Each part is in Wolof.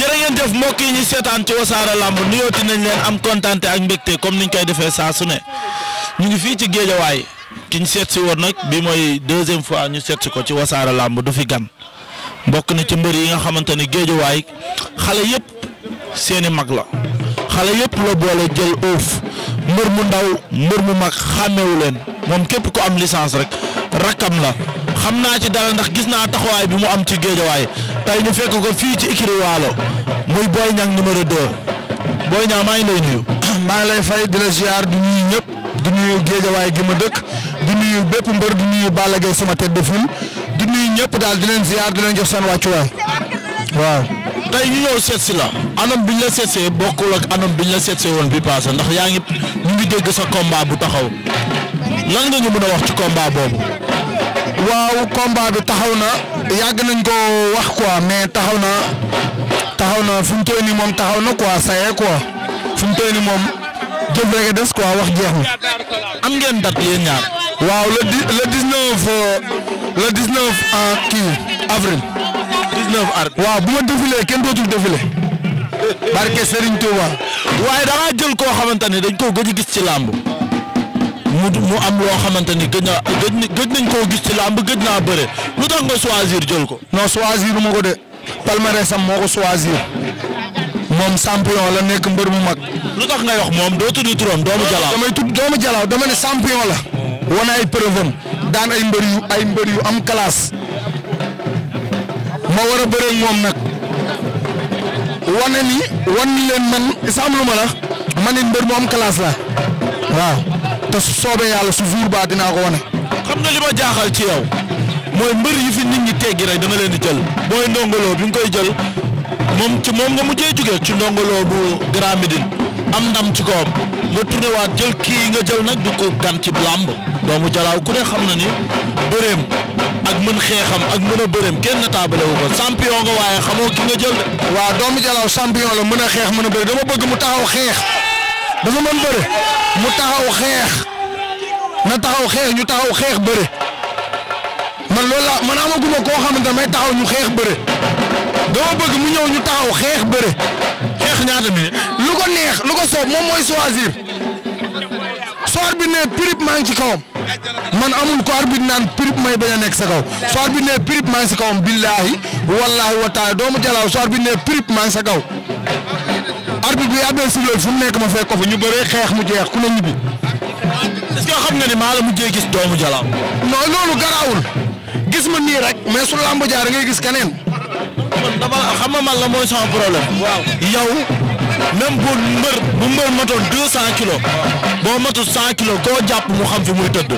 jërë ngeen jëf mbokk yi ñu seetaan ci wasaare lamb nuyooti nañ leen am kontante ak mbégte comme ñu koy defee saa su ne ñu ngi fii ci géejawaay ki ñu seet si woon nag bi mooy deuxième fois ñu seet ko ci wasaare lamb du fi gan mbokk na ci mbër yi nga xamante ne géejawaay xale yëpp seeni mag la xale yëpp la boole jël oof mbër mu ndaw mbër mu mag xàmmewu leen moom képp ku am licence rek. rakkam la xam naa ci dara ndax gis naa taxawaay bi mu am ci géejawaay tey ñu fekk ko fii ci Ikiri Waalo muy Boy Niang numéro 2 booy Niang maa ngi lay nuyu. maa ngi lay fay di la ziar du nuyu ñëpp du nuyu géejawaay gi ma dëkk du nuyu bépp mbër du nuyu Balla Gaye sama tête de file du ñëpp daal di leen ziar di jox seen wàccuwaay waa tey ñu ñëw seet la anam bi ñu la seetsee bokkul ak anam bi ñu la seetsee woon bi passé ndax yaa ngi ñu ngi dégg sa combat bu taxaw lan nga ñu a wax ci combat boobu. waaw combat bi taxaw na yàgg nañ ko wax quoi mais taxaw na taxaw na fu mu toll nii moom taxaw na quoi saye quoi fu mu toll ni moom jëf rek a des wax jeex na. am ngeen date yéen ñaar. waaw le dix le dix neuf euh, le dix neuf kii avril. dix neuf avril waaw bu ma défilé kenn dootul défilé. barke Serigne Touba. waaye da ngaa jël koo xamante ne dañ koo gëj gis ci làmb. mu mu am loo xamante ni gëj naa gëj nañ koo gis ci làmb gëj naa bëre lu tax nga choisir jël ko. non choisir ma ko de palmarès am moo ko choisir moom champion la nekk mbër mu mag. lu tax ngay wax moom doo tudd turam doomu jalaaw damay tudd doomu jalaaw dama ne champion la. wane ay preuve daan ay mbër yu ay mbër yu am classe. ma war a bëreeg moom nag wane ni wan leen man isam lu ma la ma ne mbër mu am kalaas la waaw. te su soobee yàlla su jour ba dinaa ko wane. xam nga li ma jaaxal ci yow mooy mbër yi fi nit ñi teggi rek da nga leen di jël booy ndongoloo bi nga koy jël moom ci moom nga mujjee jugee ci ndongoloo bu Grand am ndam ci kawam nga tourné waat jël kii nga jël nag di ko gan ci làmb doomu jalaaw ku ne xam na ni bëreem ak mën xeexam ak mën a bëreem kenn na wu ko champion nga waaye xamoo ki nga jël de. waaw doomu jalaaw champion la mën a xeex mën a bëre dama bëgg mu taxaw xeex. dafa man bëre mu taxaw xeex na taxaw xeex ñu taxaw xeex bëre man loolu laa man amaguma koo xamante may taxaw ñu xeex bëre dama bëgg mu ñëw ñu taxaw xeex bëre xeex ñaata minute lu ko neex lu ko soob moom mooy choisir soir bi ne prip maa ngi ci kawam man amul ko arbitre naan prip may bañ a nekk sa kaw soir bi ne prip maa ngi ci kawam billaahi wallaahi wa taala doomu jalaaw soir bi ne prip maa ngi sa kaw arbitre bi abbee sifflé fu mu nekk ma fekk ko fa ñu bëree xeex mu jeex ku ne ñibbi. est xam nga ni maa la mu mujjee gis doomu Jalaw. non loolu garaawul gis ma nii rek mais su lamb jaar ngay gis keneen. man dama xam nga man la mooy sama problème. waaw yow même bu mbër bu mbër matoon deux cent kilos. boo matul cent kilos ko jàpp mu xam fi muy tëdd.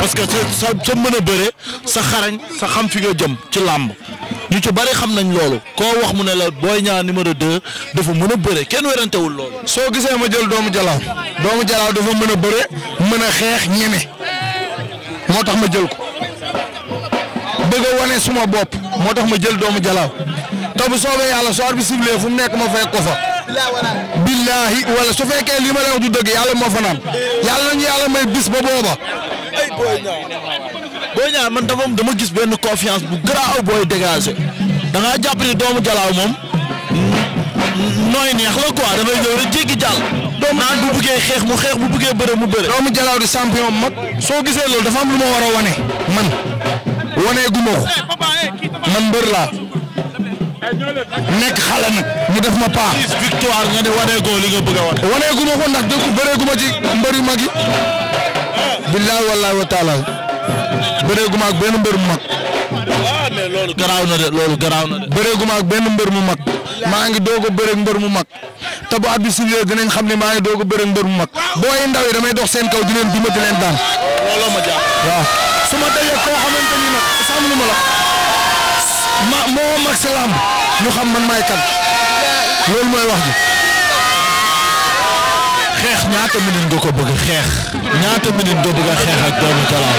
parce que sa sa mën a bëre sa xarañ sa xam fi nga jëm ci làmb ñu ci bari xam nañ loolu koo wax mu ne la booy Niang numéro de dafa mën a bëre kenn werantewul loolu. soo gisee ma jël doomu jalaaw doomu jalaaw dafa mën a bëre mën a xeex ñeme moo tax ma jël ko bëgg a wane suma bopp moo tax ma jël doomu jalaaw te bu soobee yàlla soo arbitre bi sifflee fu mu nekk ma fekk ko fa. billahi wala su fekkee li ma lay wax du dëgg yàlla moo fa naan yàlla nañu yàlla may bis ba booba. Boy Niang man moom dama gis benn confiance bu garaaw booy dégagé da ngaa jàpp ni doomu jalaaw moom nooy neex la quoi dafay ñëw rek jéggi jàll. doomu bu bëggee xeex mu xeex bu bëggee bëre mu bëre. doomu jalaaw di champion mag soo gisee loolu dafa am lu ma war a wane man waneegu ma ko man mbër laa nekk xale nag mu def ma paa. victoire nga ne waneegoo li nga bëgg a wane. waneegu ma ko ndax dëgg bëreegu ma ci mbër yu mag yi. billaahi wallaahi wa bëreeguma ak benn mbër mu mag. waaw ah, mais loolu garaaw na de benn mbër mu mag. maa ngi doog a bëreeg mbër mu mag. te bu abbi sibile xam ne maa ngi doog a bëreeg mbër mu mag. boo yi ndaw yi damay dox seen kaw di leen duma di leen daan. ma jàpp. waaw su ma koo xamante ni nag sàmm ni ma la. ma moo mag salaam ñu xam man maay kan. loolu mooy wax ji. xeex ñaata minute nga ko bëgg xeex ñaata minute nga bëgg a xeex ak doomu Kalaw.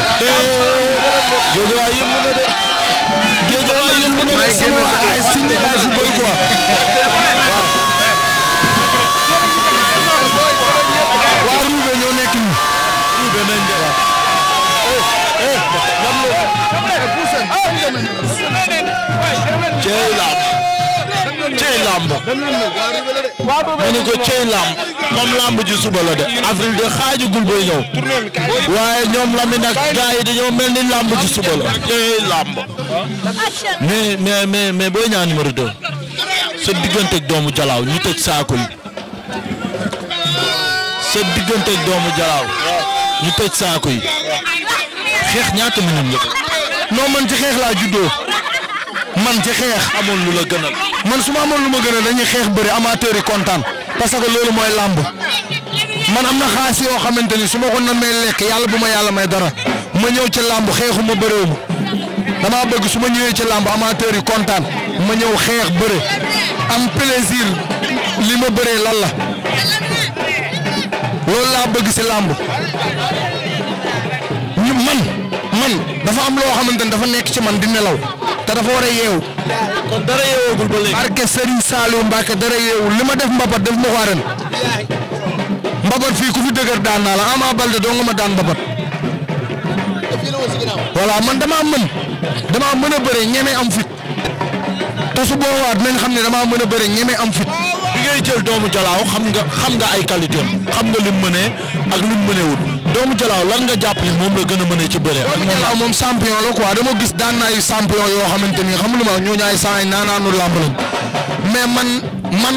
lamb mu ni ko cey lamb moom lamb ji suba la de avril de xaajugul bay ñëw waaye ñoom lami nag gars yi dañoo mel ni lamb ji suba la cey lamb mais mais mais mais Boy Niang numéro 2 sa diggante ak doomu jalaaw ñu tëj saako yi sa diggante ak doomu jalaaw ñu tëj saako yi xeex ñaata minute la non man ci xeex laa juddoo man ci xeex amoon lu la gënal man su ma amoon lu ma gënal dañuy xeex bëri amateurs yi kontaan parce que loolu mooy làmb man am na xaas yoo xamante ni su ma ko namee lekk yàlla bu ma yàlla may dara ma ñëw ca làmb xeexu ma bëree ma su ma ñëwee ci làmb amateurs yi kontaan ma ñëw xeex bëri am plaisir li ma bëree lan la loolu laa bëgg si làmb ñu man man dafa am loo xamante ni dafa nekk ci man di nelaw. te dafa war a yeewu. kon dara yeewagul ba léegi. dara yeewu li ma def mbapat def ma ko aren mbapat fii ku fi dëgër daan naa la Ama Baldé doo ma daan mbapat. voilà man damaa mën damaa mën a bëre ñeme am fit te su boobaa nañ xam ne damaa mën a bëri ñeme am fit. bi ngay jël doomu jalaaw xam nga xam nga ay qualité xam nga lim mënee ak lim mëneewul doomu jalaaw lan nga jàpp ni moom la gën a mëne ci bëre. doomu moom champion la quoi dama gis daan naa yu yoo xamante ni xam lu ma ñooñu ay saa yi naanaanu làmb mais man man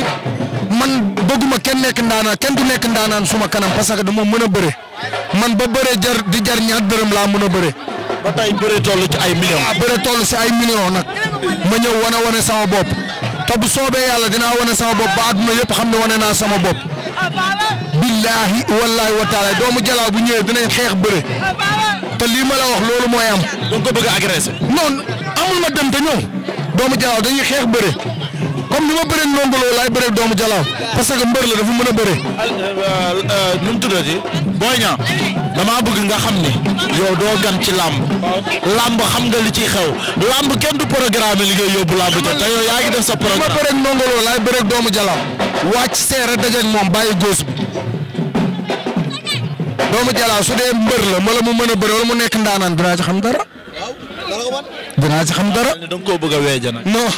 man bëgguma kenn nekk ndaanaan kenn du nekk ndaanaan suma kanam parce que dama mën a bëre man ba bëre jar di jar ñaar dërëm laa mën a bëre. ba tey bëre toll ci ay millions. waaw bëre toll ci ay millions nag. ma ñëw wane wane sama bopp te bu soobee yàlla dinaa wane sama bopp ba ma yëpp xam na wane naa sama bopp. billaahi wallaahi wa taala doomu jalaaw bu ñëwee dinañ xeex bëre te lii ma la wax loolu mooyam am. da nga ko bëgg a amul ma dem te ñoom doomu jalaaw dañuy xeex bëre. comme ni ma bëree Ndongo Lo laay bëree doomu Jalaaw parce que mbër la dafa mën a bëree. Euh, nu mu tuddati booy ñaa damaa bëgg nga xam ni yow doo gan ci làmb làmb xam nga li ciy xew làmb kenn du programme li ngay yóbbu làmb te yow yaa ngi def sa programme. ma bëree Ndongo Lo laay bëree doomu Jalaaw wàcc seere dajeeg moom bàyyi góos bi doomu Jalaaw su dee mbër la mala mu mën a bëri wala mu nekk ndaanaan dinaa ci xam dara. dinaa ci xam dara. da nga koo bëgg a weeja nag. non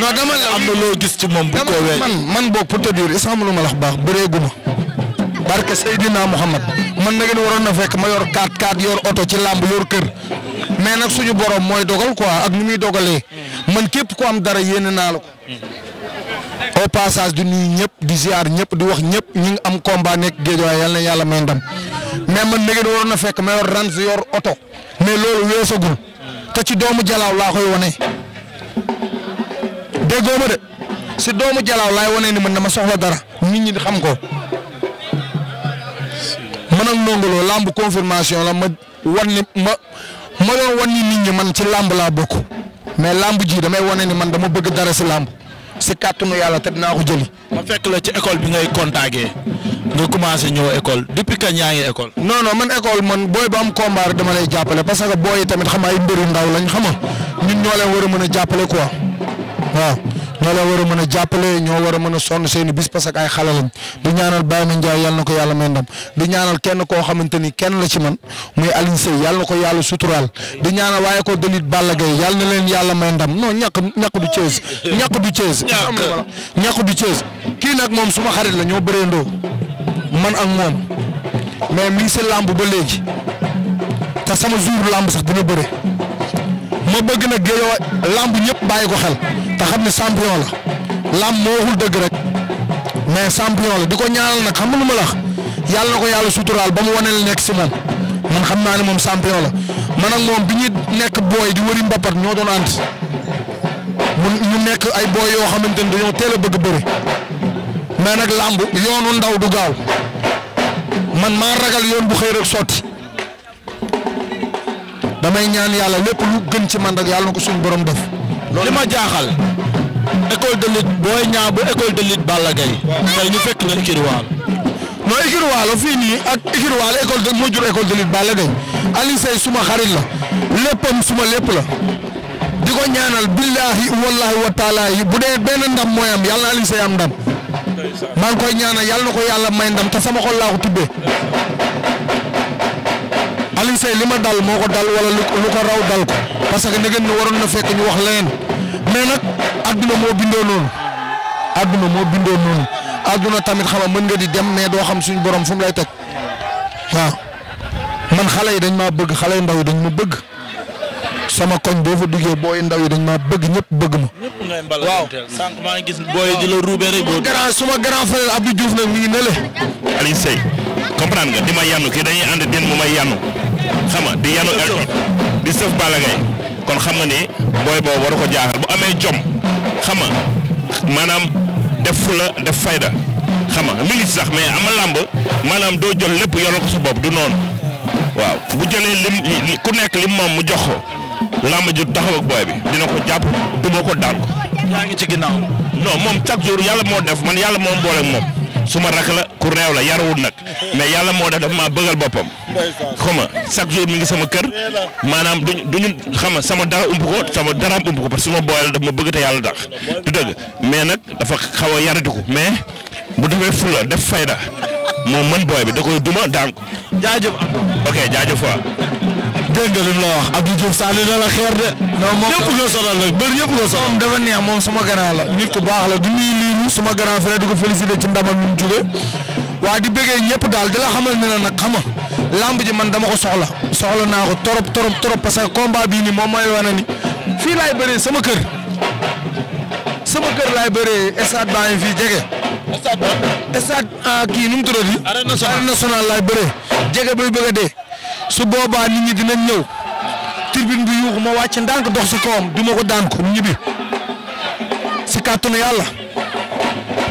non dama la. am na loo gis ci moom bu koo weeja. man man boog pour te dire is xam lu ma la baax bëreeguma. barke Seydina Muhammad man nag it waroon na fekk ma yor 4-4 yor oto ci làmb yor kër. mais nag suñu mooy dogal quoi ak ni muy dogalee. man képp ku am dara yéene naa la ko. au passage di nuyu ñëpp di ziar di wax ñëpp ñi ngi am combat nekk géej waaye rans yor oto mais loolu weesagul. te ci doomu jalaaw laa koy wane déggoo ma de si doomu jalaaw laay wane ni man dama soxla dara nit ñi xam ko man ak Ndongo Lo làmb confirmation la ma wan ni ma ma doon wan ni nit ñi man ci làmb laa bokk mais làmb ji damay wane ni man dama bëgg dara si làmb. si kàttanu yàlla te dinaa ko jëli. ma fekk la ci école bi ngay contacter nga commencé ñëw école depuis kañ yaa ngi école. non non man école man booy ba am combat rek dama lay jàppale parce que booy yi tamit xam ay mbiru ndaw lañ xam ñun ñoo leen war a mën a jàppale quoi waaw. ñoo la war a mën a jàppale ñoo war a mën a sonn seeni bis parce que ay xale lañ di ñaanal Baye Mandiaye yàlla na ko yàlla may ndam di ñaanal kenn koo xamante ni kenn la ci man muy Alioune Seye yàlla ko yàlla suturaal di ñaanal waaye ko delit Balla Gaye yàlla na leen yàlla may ndam non ñàkk ñàkk du Thiès ñàkk du Thiès ñàkk du Thiès kii nag moom suma xarit la ñoo bëree ndoo man ak moom mais mi ngi si làmb ba léegi te sama jour làmb sax dina bëre ma bëgg nag géejoo lamb ñëpp bàyyi ko xel te xam ne champion la lamb moo waxul dëgg rek mais champion la di ko ñaanal nag xam nga lu ma la yàlla na ko yàlla suturaal ba mu wanee la nekk si moom man xam naa ne moom champion la man ak moom bi ñu nekk booy di wëri mbapat ñoo doon ant mu ñu nekk ay booy yoo xamante ni dañoo teela a bëgg bëri mais nag lamb yoonu ndaw du gaaw man maa ragal yoon bu xëy rek sotti. may ñaan yàlla lépp lu gën ci man rek yàlla na ko suñu borom def. li ma jaaxal. école de lutte booy ñaa bu école de lutte Balla Gaye. tey ñu fekk na Ikir Waalo. non Ikir Waalo fii nii ak Ikir Waalo école de moo jur école de lutte Balla Gaye Aliou suma xarit la léppam suma lépp la. di ko ñaanal billahi wallahi wa taala bu dee benn ndam mooy am yàlla na Aliou am ndam. maa ngi koy ñaanal yàlla na ko yàlla may ndam te sama xol laa ko tuddee. Alioune Seye li ma dal moo ko dal wala lu ko raw dal ko parce que ngeen ne waroon na fekk ñu wax leneen mais nag adduna moo bindoo noonu adduna moo bindoo noonu adduna tamit xam a mën nga di dem mais doo xam suñu borom fu mu lay teg waaw man xale yi dañ maa bëgg xale yu ndaw yi dañ ma bëgg sama koñ boo fa booy ndaw yi dañ maa bëgg ñëpp bëgg ma. ñëpp ngay mbalanteel waaw sànq maa ngi gis booy di la ruubee suma grand frère nag mi ngi nële comprendre nga di ma yanu kii dañuy ànd den mu may yanu xam nga di yanu Elton di sëf Balla kon xam nga ni booy boobu waru ko jaaxal bu amee jom xama maanaam def fula def fayda xama nga sax mais ama làmb maanaam doo jël lépp yoral ko sa bopp du noonu waaw bu jëlee lim ku nekk lim moom mu jox ko làmb ju taxaw ak booy bi dina ko jàpp duma ko daan ko. yaa ngi ci ginnaaw. non moom chaque jour yàlla moo def man yàlla moom boole moom. ma rak la ku réew la yarawut nag mais yàlla moo def daf maa bëggal boppam. xama chaque jour mi ngi sama kër maanaam duñu duñu xama sama dara ump ko sama daraam ump ko parce que suma booy la daf ma bëgg te mais nag dafa xaw a yaratiku mais bu defee fula def fayda moom mën booy bi da duma daan ko. ok jaajëf waaw. dégg nga la wax Abdou Diouf Sall na la xeer de. non moom ñëpp nga sonal la bëri ñëpp nga sonal. dafa neex moom sama gànnaar la nit ku baax suma grand frère di ko félicité ci ndamam mi mu jógee waaye di bëggee ñëpp daal di la xamal ne la nag xam nga lamb ji man dama ko soxla soxla naa ko trop trop trop parce que combat bii nii moom mooy wane ni fii laay bëree sama kër sama kër laay bëree stade baa ngi fii jege. stade ba stade ah, kii nu mu tuddati. arène nationale arène nationale laay bëree jege bay bëgg a dee su boobaa nit ñi dinañ ñëw tribune bi moo ma wàcc ndànk dox si kawam du ma ko daan ko ñibbi si yàlla.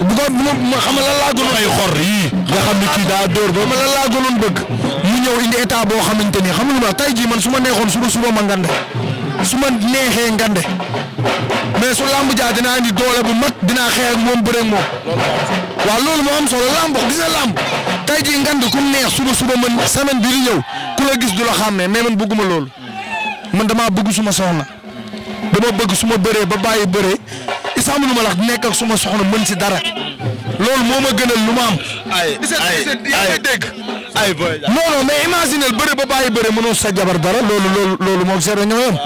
bu ko ma xam nga lan laa gënoon ay xor yii xam ne kii daa dóor ba ma lan laa gënoon bëgg mu ñëw indi état boo xamante ni xam nga tey jii man su ma neexoon suba suba ma ngande su ma neexee ngande mais su lamb jaa dinaa indi doole bu mat dinaa xeex ak moom bëre moom waaw loolu moo am solo lamb gis na lamb tey jii ngande ku neex su suba suba man semaine bii di ñëw ku la gis du la xàmmee mais man bëgguma loolu man damaa bëgg suma soxna dama bëgg su ma bëree ba bëree isa am nu ma la nekk ak suma soxna mën si dara loolu moo ma gën lu ma am. ay ay ay dégg. ay booy non ba bàyyi bëre mënoo sa jabar dara loolu moo loolu moom seetlu ñoo yem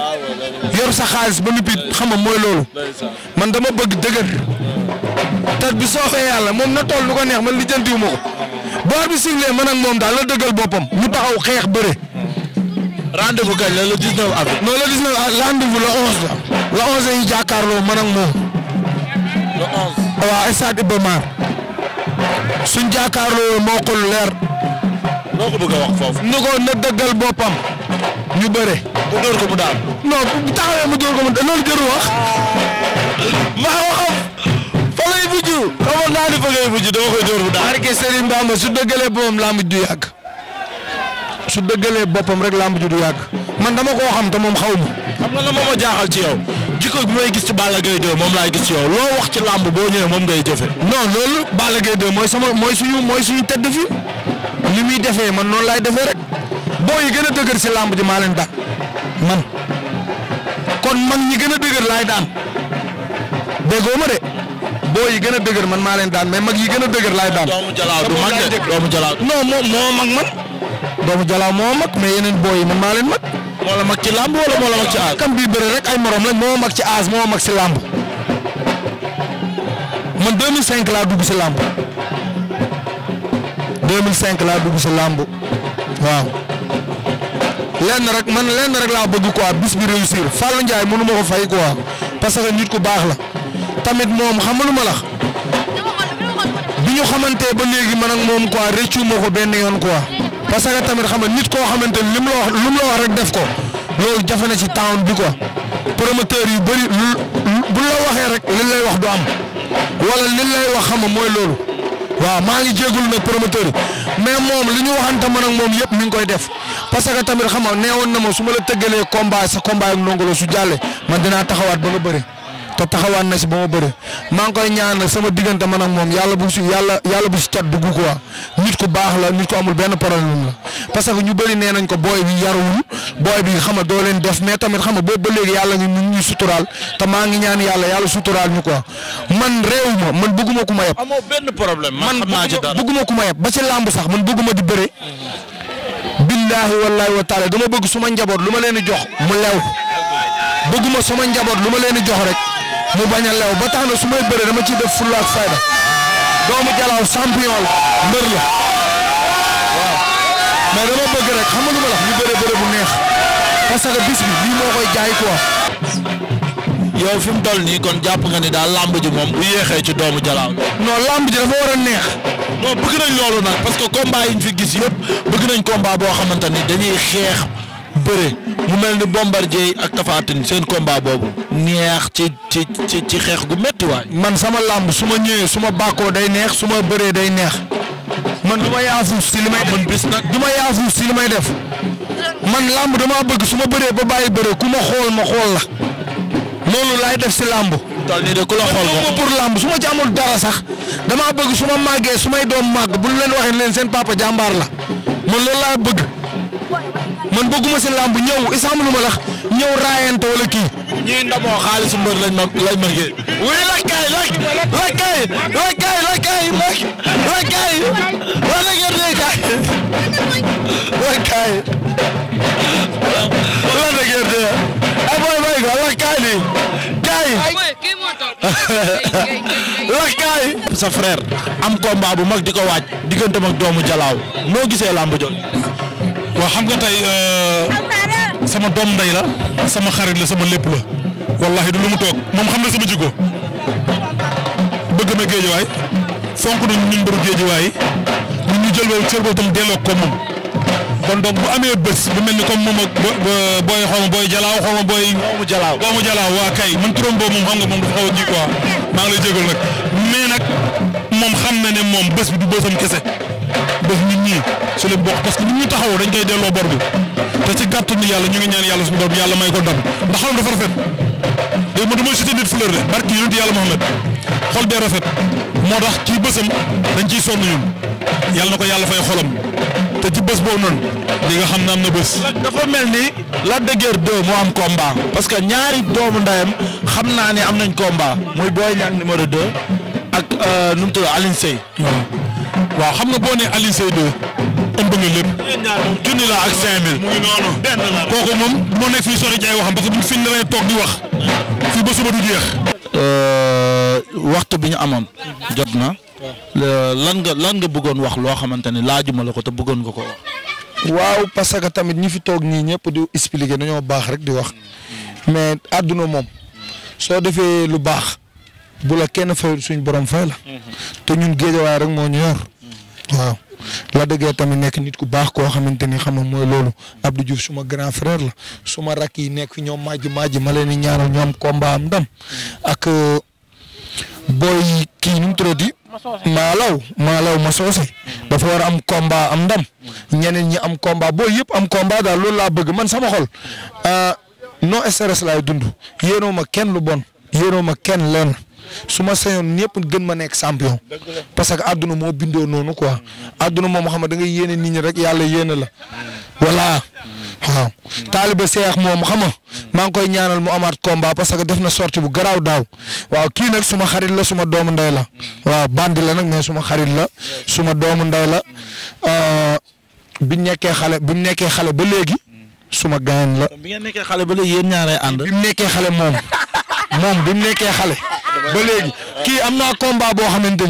yor sa xaalis ba noppi xam nga mooy loolu man dama bëgg dëgër te bi soobee yàlla moom na tool lu ko neex man lijjantiwu ma ko boor bi singlee man moom daal la dëggal boppam mu taxaw xeex bëre. rendez-vous kañ la le 19 avril. non le 19 ah, la le 11 la ñu jàkkaarloo moom. le 11. waaw stade Iba Mar. suñ moo ko leer. noo ko wax foofu. ni ko na dëggal boppam. ñu bëre. bu dóor ko mu daal. non bu taxawee mu dóor ko mu daal loolu jarul wax. maa waxam. fa ngay mujj. xamoon naa ne fa ngay dama koy dóor mu daal. barke Serigne Bamba su dëggalee boppam laa mujj du yàgg. su dëggalee boppam rek laa mujj du yàgg. man dama koo xam te moom xaw ma. xam nga la moom a jaaxal ci yow. jikko bi may gis ci Balla Gaye 2 moom laay gis yow loo wax ci làmb boo ñëwee moom ngay jëfe non loolu Balla Gaye 2 mooy sama mooy suñu mooy suñu tëdd fi li muy defee man noonu laay defee rek boo yi gën a dëgër si làmb ji maa leen daan man kon man ñi gën a dëgër laay daan déggoo ma de boo yi gën a dëgër man maa leen daan mais mag yi gën a dëgër laay daan. doomu jalaaw du mag de doomu jalaaw non moom moo mag man. doomu jalaaw moo mag mais yeneen boo yi man maa leen mag. moo mag ci làmb wala moo la mag ci aas. kam bii bëre rek ay morom moo mag ci aas moo mag si làmb man 2005 laa dugg si làmb 2005 laa dugg si làmb waaw lenn rek man lenn rek laa bëgg quoi bis bi réussir Fallou njaay mënu ma ko fay quoi parce que nit ku baax la tamit moom xamalu ma lax bi ñu xamante ba léegi man ak moom quoi rëccu ma ko benn yoon quoi. parce que tamit xam nga nit koo xamante ni lim la wax lim la wax rek def ko loolu jafe na ci town bi quoi promoteur yu bëri bu la waxee rek liñ lay wax du am wala liñ lay wax xam nga mooy loolu waaw maa ngi jégalu nag promoteur yi mais moom li ñu waxante man ak moom yëpp mi ngi koy def parce que tamit xam nga neewoon na ma su ma la tëggalee combat sa combat ak Ndongo Lo su jàllee man dinaa taxawaat ba nga bëri. te taxawaan na si ba ma bëre maa ngi koy sama diggante man ak moom yàlla bu si yàlla yàlla bu si cat dugg quoi nit ku baax la nit ku amul benn problème la. parce que ñu bëri nee nañ ko booy bi yarawul bi xam nga doo leen def mais tamit xam nga boobu ba léegi yàlla ñu te maa ngi ñaan yàlla yàlla suturaal ñu quoi man réew ma man bëgguma ku ma yeb. amoo benn problème man xam naa ci dara man bëgguma ku ma yeb ba ci làmb sax man bëgguma di bëre. billaahi wallaahi wa taala dama bëgg suma njaboot lu ma leen di jox mu lew bëgguma suma njaboot lu ma leen di jox rek mu bañ a lew ba tax na su may bëree dama ciy def fulla ak fayda doomu Jalaaw champion la mbër la mais dama bëgg rek xam ma la ñu bëree bëri bu neex parce que bis lii moo koy jaay quoi. yow fi mu toll nii kon jàpp nga ni daal lamb ji moom bu yéexee ci doomu Jalaaw. non lamb ji dafa war a neex. non bëgg nañ loolu nag parce que combat ñu fi gis yëpp bëgg nañ combat boo xamante ni dañuy xeex bëre mu mel ni Bombardier ak Tapha Tine seen combat boobu neex ci ci ci ci xeex gu métti waay man sama làmb su ma ñëwee su ma bàkkoo day neex su ma bëree day neex man du ma si li may ah, def bis nag ma yaafuus si li may def man làmb damaa bëgg su ma bëree ba bàyyi bëre ku ma xool ma xool la loolu laay def si làmb tal ni de ku la xool ma pour làmb su ma ci amul dara sax damaa bëgg su ma màggee su may doom màgg bu ñu leen waxee leen seen papa jàmbaar la man loolu laa bëgg man bëgguma si làmb ñëw isam lu ma lax ñëw raayante wala kii. ñii ndamoo xaalisu mbër lañ ma lañ ma wuy lakkay lakk lakkaay lakkaay. sa frère am combat bu mag di ko waaj diggante mag doomu Jalaaw noo gisee làmb jooju. waaw xam nga tey euh, sama doom ndey la sama xarit la sama lépp la wallahi du lu mu toog moom xam na sama jikko bëgg ma géejuwaay fonk na ñun mbiru géejuwaay ñun ñu jël boobu cër boobu tam delloo ko moom kon donc bu amee bés bu mel ni comme moom booy xaw booy jalaaw xaw ma booy. boobu waa kay man turam boobu moom xam nga moom dafa xaw a kii quoi maa ngi lay jégal mais nag moom xam na ne moom bés bi du bésam kese. def nit ñi su leen bokk parce que nit ñi taxawoo dañ koy delloo bor bi te ci gàttu ni yàlla ñu ngi ñaan yàlla su bor bi yàlla may ko ndam ndax xolam dafa rafet yow ma damay cité nit fleur de barki yonent yàlla Muhammad xol bee rafet moo tax ci bësam dañ ciy sonn ñun yàlla na ko yàlla fay xolam te ci bés boobu noonu di nga xam ne am na bés. dafa mel ni Lac de Guiers moo am combat parce que ñaari doomu ndayam xam naa ne am nañ combat muy Boy Niang numéro 2 ak euh, nu mu tudd Alioune waaw xam nga boo nee Alioune Seye 2 ëmb nga lépp. la ak 5000. mu kooku moom moo nekk fii sori jaay waxam parce que buñ fi ñu lay toog di wax fii ba suba du jeex. Euh, waxtu bi ñu amoon. jot na. lan nga lan nga bëggoon wax loo xamante ne laajuma la ko te bëggoon nga ko wax. waaw parce que tamit ñi fi toog nii ñëpp di expliquer dañoo baax rek di wax mais àdduna moom soo defee lu baax bu la kenn fay suñ borom fay la mhm. te ñun géejawaay rek moo ñu yor. waaw la dëggee tamit nekk nit ku baax koo xamante ni xam nga mooy loolu Abdou Diouf suma grand frère la suma rakk yi nekk fi ñoom maaji maaji ma leen di ñaanal ñoom combat am ndam ak euh, booy kii nu mu tuddati maalaw maalaw ma soose dafa war a am combat am ndam ñeneen ñi am combat booy yëpp am komba daal loolu laa bëgg man sama xol euh, non stress laay dund yéenoo ma kenn lu bon yéenoo ma kenn leen su ma sañoon ñëpp gën ma nekk champion. parce que àdduna moo bindoo noonu quoi. àdduna moom xam ne da yéene nit ñi rek yàlla yéene la. voilà waaw. taaliba seex moom xam nga maa ngi koy ñaanal mu amaat combat parce que def na sorti bu garaaw daaw waaw kii nag suma xarit la suma doomu ndey la waaw bandi la nag mais suma xarit la suma doomu ndey la euh, bi nekkee xale bi nekkee xale ba léegi suma gaañ la. bi ngeen nekkee xale ba léegi yéen ñaaree ànd. xale moom moom nekkee xale. ba léegi kii am naa combat boo xamante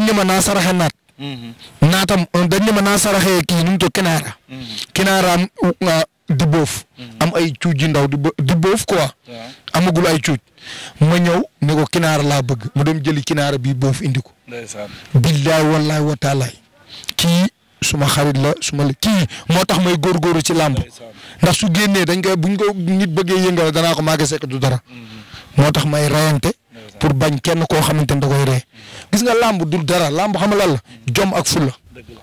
ni ma naa saraxe naat. naatam dañ ne ma naa saraxee kii nu mu tudd kinaara. Ah, di boof. am ay cuuj yu ndaw di bo di boof quoi. amagul ay cuuj ma ñëw ne ko kinaara laa bëgg mu dem jëli kinaara bi boof indi ko. billaay wallaay wa taalaay kii suma xarit la suma la kii moo tax may góorgóorlu ci làmb ndax su génnee dañ koy buñ ko bëggee yëngal danaa ko maa sekk du dara mm-hmm. moo tax may rayante pour bañ kenn koo xamante ni da koy ree gis nga làmb du dara làmb xam la jom ak fulla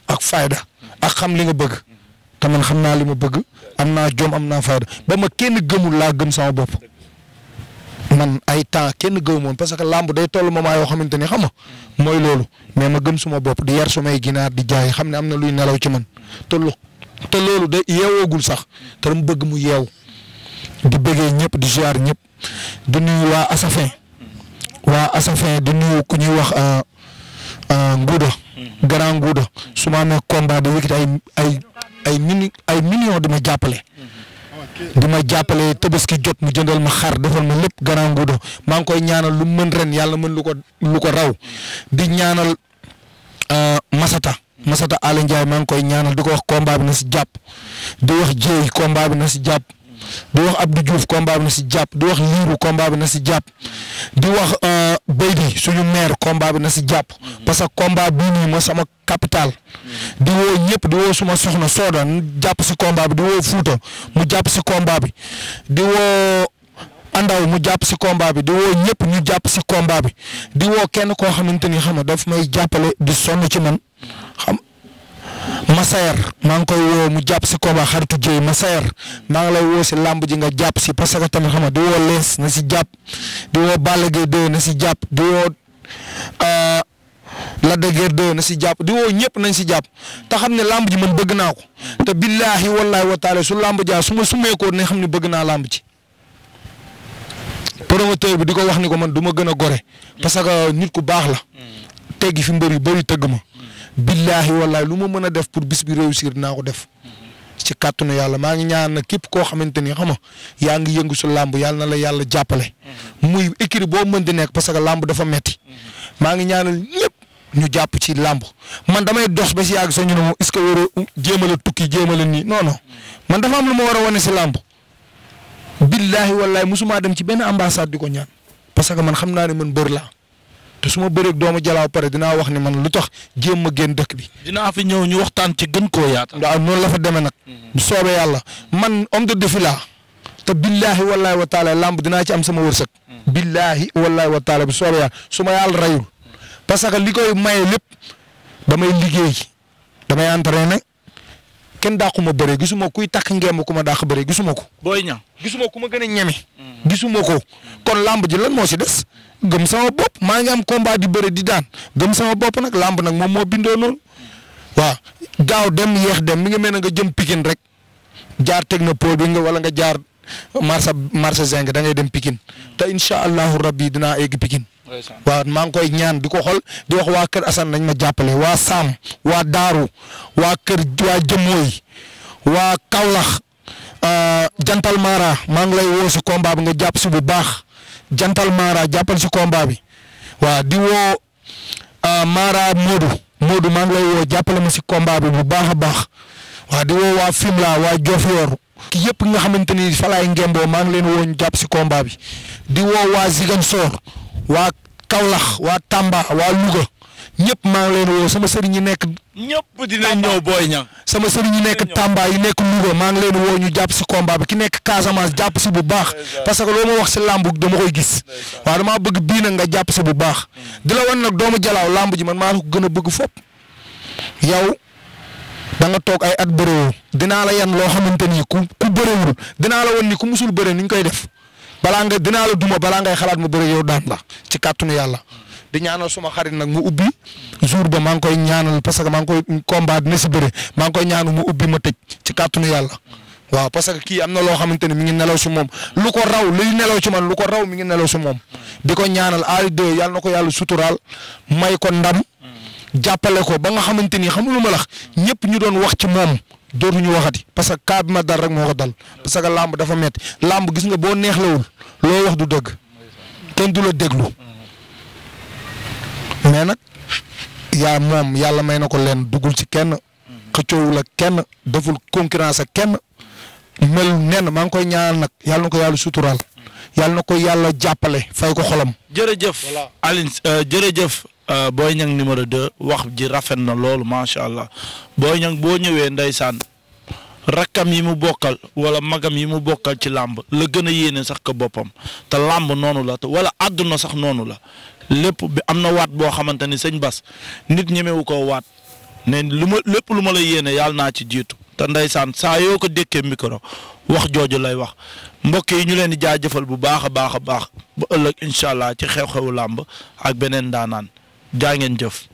ak fayda ak xam li nga bëgg te man xam naa li ma bëgg am naa jom am naa fayda ba ma kenn gëmul laa gëm sama bopp man ay temps kenn gëmu woon parce que làmb day toll moment yoo xamante ni xam nga mooy loolu mais ma gëm suma bopp di yar sumay ginaar di jaay xam ne am na luy nelaw ci man te te loolu day yeewoogul sax te dama bëgg mu yeew di bëggee ñëpp di ziar ñëpp di nuyu waa Asafin waa Asafin di nuyu ku ñuy wax euh, euh, Nguuda. Mhm. grand Nguuda mhm. su ma amee combat da yëkkati ay ay ay mini ay millions di ma jàppale. Mhm. di ma jàppale tabaski jot mu jëndal ma xar defal ma lépp grand Nguuda maa ngi koy ñaanal lu mën ren yàlla mën lu ko lu ko raw di ñaanal euh, Masata. Masata Alioune Ndiaye maa ngi koy ñaanal di ko wax combat bi na si jàpp di wax Jéy komba bi na si jàpp. di wax Abdou Diouf combat na si jàpp di wax Lirou combat bi na si jàpp di wax euh, Béydi suñu maire combat bi na si jàpp parce que combat bii nii ma sama capital di woo ñëpp di woo suma soxna Soda jàpp si combat bi di woo mu jàpp si combat bi di woo Andaw mu jàpp si combat bi di woo ñëpp ñu jàpp si combat bi di woo kenn koo xamante ni xam nga daf may jàppale di sonn ci man Massaer maa ngi koy woo mu jàpp si combat xaritu Dieye Massaer maa ngi lay woo si làmb ji nga jàpp si parce que tamit xam nga di woo Lees na si jàpp di woo Balla Gaye 2 na si jàpp di woo euh, Lac na si jàpp di woo ñëpp nañ si jàpp te xam ne làmb ji man bëgg naa ko te billaahi wallaahi wa taala su làmb jaa su ma sumeekoo ne xam ne bëgg naa làmb ji. promoteur bi di ko wax ni ko man duma gën a gore parce que nit ku baax la hmm. teggi fi mbër yu bëri tëgg ma. billaahi wallaahi lu ma mën a def pour bis bi réussir dinaa ko def ci kàttanu yàlla maa ngi ñaan nag képp koo xamante ni xam nga yaa ngi yëngu su làmb yàlla na la yàlla jàppale. muy écrit boo mën di nekk parce que làmb dafa metti maa ngi ñaanal ñëpp ñu jàpp ci làmb man damay dox ba si yàgg sax ñu ne moom est que war a jéem la tukki jéem a nii non man dafa am lu ma war a wane si làmb. billaahi wallaahi musuma dem ci benn ambassade di ko ñaan parce que man xam naa ne man bër laa te su ma bëreeg doomu jalaaw pare dinaa wax ni man lu tax jéem ma génn dëkk bi. dinaa fi ñëw ñu waxtaan ci gën koo yaata. waaw noonu la fa demee nag. Mm-hmm. bu soobee yàlla man homme de défi laa te billaahi wallaahi wa taala làmb dinaa ci am sama wërsëg. Mm-hmm. billaahi wallaahi wa taala bu soobee yàlla su ma yàlla rayul mm-hmm. parce que li koy maye lépp damay liggéey damay entraîné. kenn dàquma bare gisuma kuy takk ngeem ku ma dàq bare gisuma ko. booy ña gisuma ku ma gën a ñeme. Mm. gisuma ko mm. kon lamb ji lan moo si des gëm sama bopp maa ngi am combat di bëre di daan gëm sama bopp nag lamb nag moom moo bindoo noonu mm. waaw gaaw dem yéex dem mi ngi mel ne nga jëm pikin rek jaar technopole bi nga wala nga jaar marché marché zinc da ngay dem Pikine te incha allahu rabbi dinaa egg Pikine waaw maa ngi koy ñaan di ko xol di wax waa kër Assane nañ ma jàppale waa Saam waa Daaru waa kër waa Jëmooy waa Kaolack euh, Jantal Mara maa ngi lay woo si combat bi nga jàpp si bu baax Jantal Mara jàppal si combat bi waaw di woo euh, Mara Modou maa ngi lay woo jàppale ma si combat bi bu baax a baax waaw di woo waa Fimela waa Diofior ki yëpp nga xamante ni fa ngemboo maa ngi leen woo jàpp si combat bi di woo waa Ziguinchor waa Kaolack waa Tamba waa Louga ñëpp maa ngi leen woo sama sëriñ yi nekk. ñëpp dinañ ñëw booy ña. sama sëriñ nekk Tamba yi nekk Louga maa ngi leen woo ñu jàpp si combat bi ki nekk Casamance jàpp si bu baax parce que loo ma wax si làmb dama koy gis waaw damaa bëgg bii nag nga jàpp si bu baax mm. di la wan nag doomu jalaaw làmb ji man maa la ko gën a bëgg fop yow da nga toog ay at bëréewoo dinaa la yan loo xamante nii ku ku bëréewul dinaa la wan ni ku musul bëre ni ñu koy def balaa nga dinaa la duma balaa ngay xalaat ma bëri yow daan la ci kàttanu yàlla di ñaanal suma xarit nag mu ubbi jour ba maa ngi koy ñaanal parce que maa ngi koy combat dina si bëre maa ngi koy ñaanal mu ma tëj ci kàttanu yàlla waaw parce que kii am na loo xamante ni mi ngi nelaw si moom lu ko raw li nelaw ci lu ko raw mi ngi nelaw si moom di ko ñaanal Alioune de yàlla na ko yàlla suturaal may ko ndam jàppale ko ba nga xamante ni xam lu ma lax ñëpp ñu doon wax ci moom dootuñu waxati parce que cas bi ma dal rek moo ko dal parce que làmb dafa metti làmb gis nga boo neexlawul loo wax du dëgg kenn du la déglu mais nag yaa moom yàlla may na ko leen dugul ci kenn xëccoowul ak kenn deful concurrence ak kenn mel nen maa ngi koy ñaanal nag yàlla na ko yàlla suturaal yàlla na ko yàlla jàppale fay ko xolam. Euh, Euh, booy Niang numéro de wax ji rafet na loolu macha allah booy Niang boo ñëwee ndeysaan rakkam yi mu bokkal wala magam yi mu bokkal ci làmb la gën a yéene sax ko boppam te làmb noonu la wala àdduna sax noonu la lépp bi am na waat boo xamante ni sëñ Bas nit ñemewu ko waat ne lu ma lépp lu ma la yéene yàlla naa ci jiitu te ndeysaan saa yoo ko dékkee micro wax jooju lay wax mbokk yi ñu leen di jaajëfal bu baax a baax a baax ba ëllëg incha allah ci xew làmb ak beneen daanaan jaa ngeen jëf.